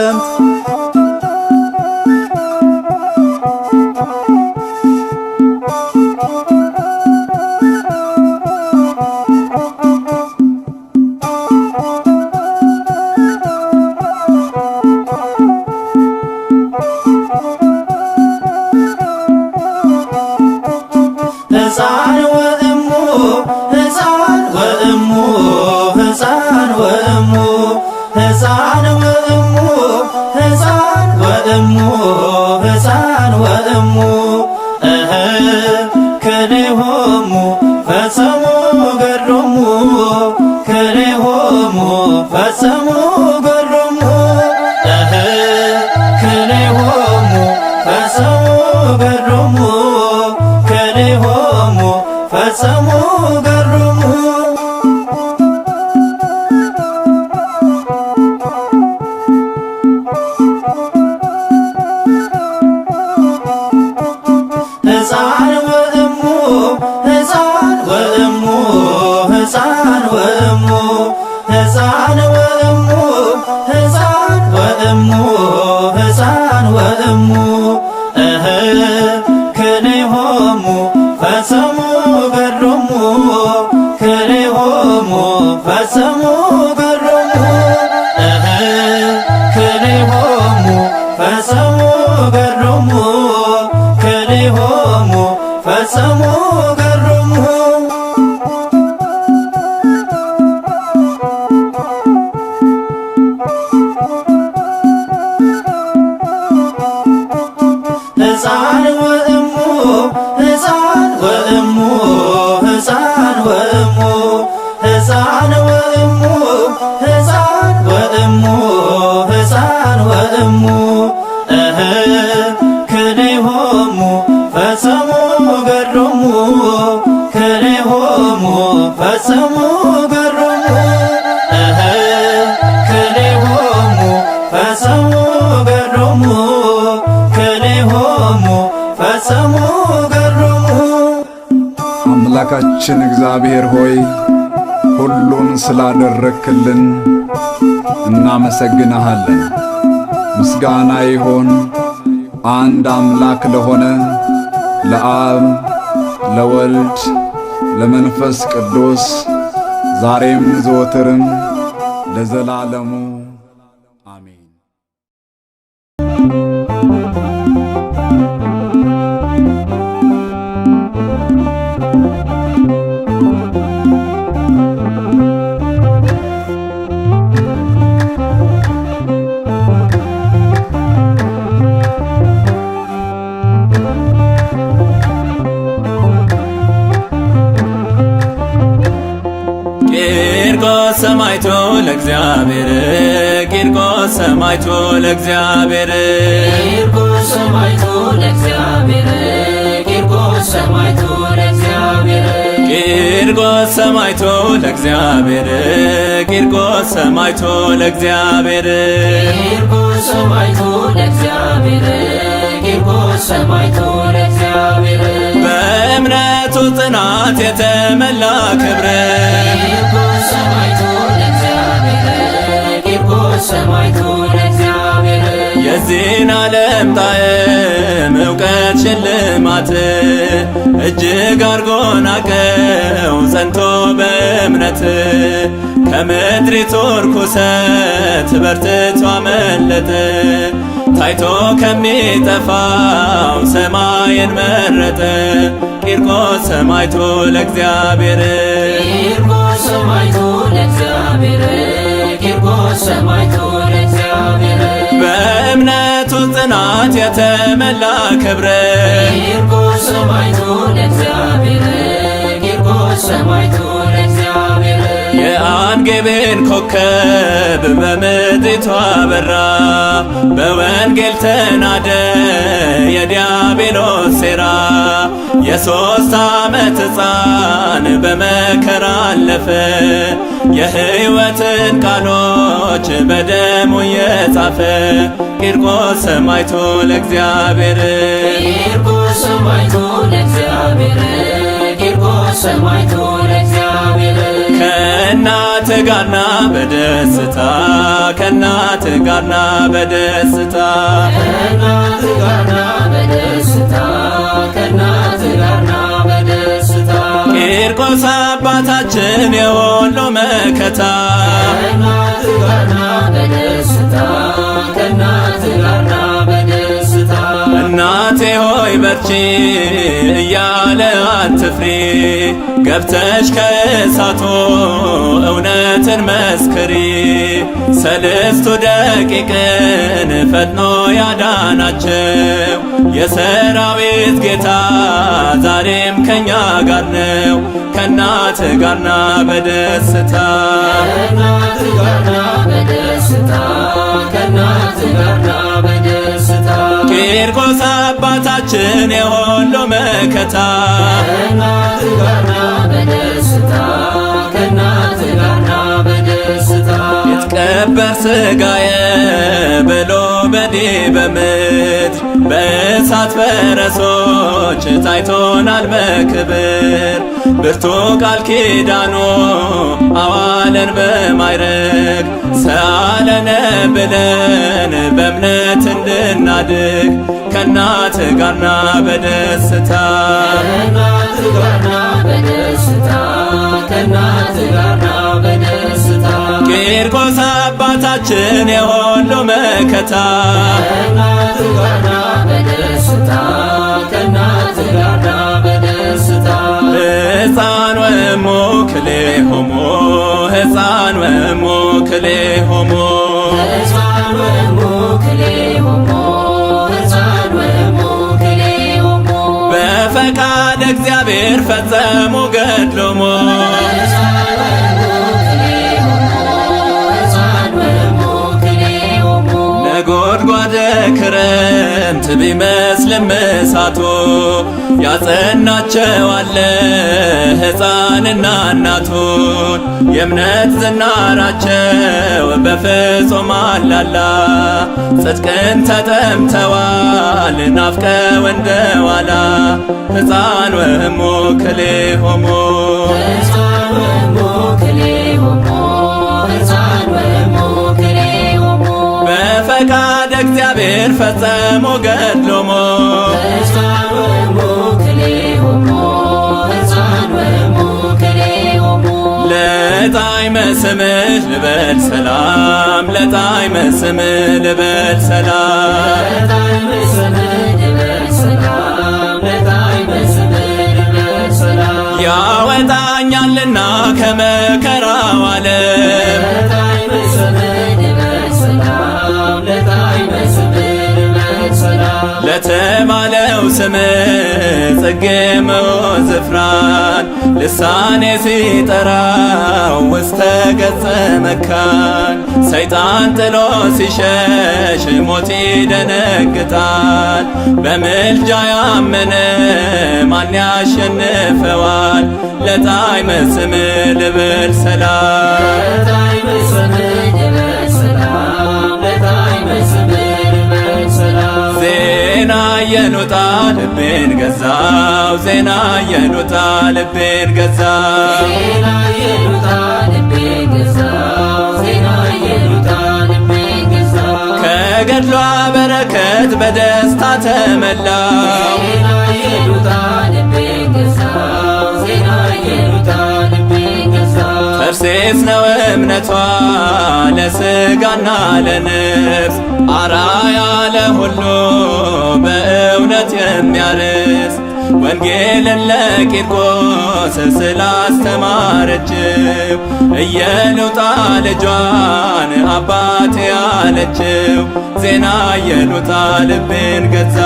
ዛ um, I some እሙ ሕፃን ወእሙ እህ ከኔሆሙ ፈጸሙ ገድሎሙ ከኔሆሙ ፈጸሙ ገድሎሙ እህ ከኔሆሙ ፈጸሙ ገድሎሙ ከኔሆሙ ፈጸሙ ገድሎሙ አምላካችን እግዚአብሔር ሆይ ሁሉን ስላደረክልን እናመሰግንሃለን። ምስጋና ይሆን አንድ አምላክ ለሆነ ለአብ ለወልድ ለመንፈስ ቅዱስ ዛሬም ዘወትርም ለዘላለሙ ለእግዚአብሔር ቂርቆስ ሰማይቶ ለእግዚአብሔር ቂርቆስ ሰማይቶ ለእግዚአብሔር ቂርቆስ ሰማይቶ ለእግዚአብሔር ቂርቆስ ለእግዚአብሔር ለእግዚአብሔር ለእግዚአብሔር ለእግዚአብሔር በእምነቱ ጽናት የተመላ ክብር ሰማዕቱን እግዚአብሔር የዚህን ዓለም ጣዕም እውቀት ሽልማት እጅግ አርጎ ናቀው ጸንቶ በእምነት ከምድሪቱ ርኩሰት በርትቶ አመለጠ ታይቶ ከሚጠፋው ሰማይን መረጠ ቂርቆስ ሰማዕቱ ለእግዚአብሔር ቂርቆስ ለእግዚአብሔር በእምነቱ ጽናት የተመላ ክብር ቂርቆስ ሰማይቱ ለእግዚአብሔር ቂርቆስ ሰማይቱ የወንጌልን ኮከብ በምድሪቷ በራ በወንጌል ተናደ የዲያብሎስ ሴራ የሶስት ዓመት ሕፃን በመከራ አለፈ የሕይወትን ቃሎች በደሙ የጻፈ ቂርቆስ ሰማዕቱ ለእግዚአብሔር ቂርቆስ ሰማዕቱ ለእግዚአብሔር ቂርቆስ ሰማዕቱ ለእግዚአብሔር ከእናት ጋርና በደስታ ከእናት ጋርና በደስታ ከእናት ጋርና በደስታ ጋርና በደስታ ቂርቆስ አባታችን የወሎ መከታ ከእናት ጋርና በደስታ ከእናት እናቴ ሆይ በርቺ እያለ አትፍሪ፣ ገብተሽ ከእሳቱ እውነትን መስክሪ። ሰልስቱ ደቂቅን ፈጥኖ ያዳናቸው የሰራዊት ጌታ ዛሬም ከኛ ጋር ነው። ከእናት ጋርና በደስታ ከእናት ጋርና በደስታ ቂርቆስ አባታችን የሆሎ መከታ ከእናት ጋርና በደስታ ከእናት ጋርና በደስታ ይትቀበር ሥጋዬ ብሎ በዲበ በእሳት ፈረሶች ታይቶናል በክብር ብርቱ ቃል ኪዳኖ አዋለን በማይረግ ሰአለነ ብለን በእምነት እንድናድግ ከእናት ጋርና በደስታ ከእናት ጋርና በደስታ ከእናት ጋርና በደስታ ቂርቆስ አባታችን የሁሉ መከታ ሕፃን ወሞ ክሌ ሆሞ ሕፃን ወሞ ክሌ ሆሞ በፈቃድ እግዚአብሔር ፈጸሙ ገድሎሞ ቢመስልም እሳቱ ያጸናቸው አለ ሕፃንና እናቱን የእምነት ዝናራቸው በፍጹም አላላ ጽድቅን ተጠምተዋል ናፍቀ ወንደዋላ ሕፃን ወሞ ክሌ ሆሞ ፈቃድ እግዚአብሔር ፈጸሞ ገድሎሞ ለጣዕመ ስምህ ልበል ሰላም ለጣዕመ ስምህ ልበል ሰላም ያወጣኛልና ከመከራው ዓለም ለተባለው ስም ጽጌ መሆን ዝፍራን ልሳኔ ሲጠራው ውስተ ገጸ መካን ሰይጣን ጥሎ ሲሸሽ ሞት ይደነግጣል። በምልጃ ያመነ ማን ያሸንፈዋል? ለጣዕመ ስም ልብል ሰላም ዜና የኖታ ልቤን ገዛው ዜና የኖታ ልቤን ገዛው ከገድሏ በረከት በደስታ ተመላው ሰይፍ ነው እምነቷ ለሥጋና ለነፍስ አራያ ለሁሉ በእውነት የሚያርስ ወንጌልን ለቂርቆስ ስላስተማረችው እየሉጣ ልጇን አባት ያለችው ዜና የሉጣ ልቤን ገዛ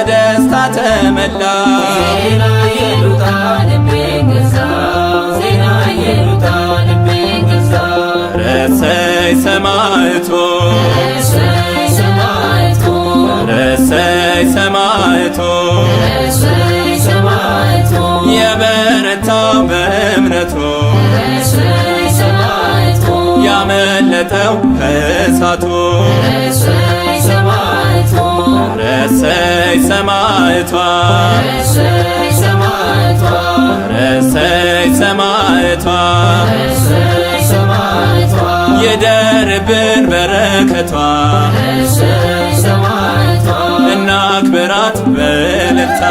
በደስታ ተመላ ረሰይ ሰማዕቶ ረሰይ ሰማዕቶ የበረታው በእምነቱ ያመለጠው ከእሳቱ ረሰይ ሰማዕቷ ረሰይ ሰማዕቷ የደርብን በረከቷ እናክብራት በልታ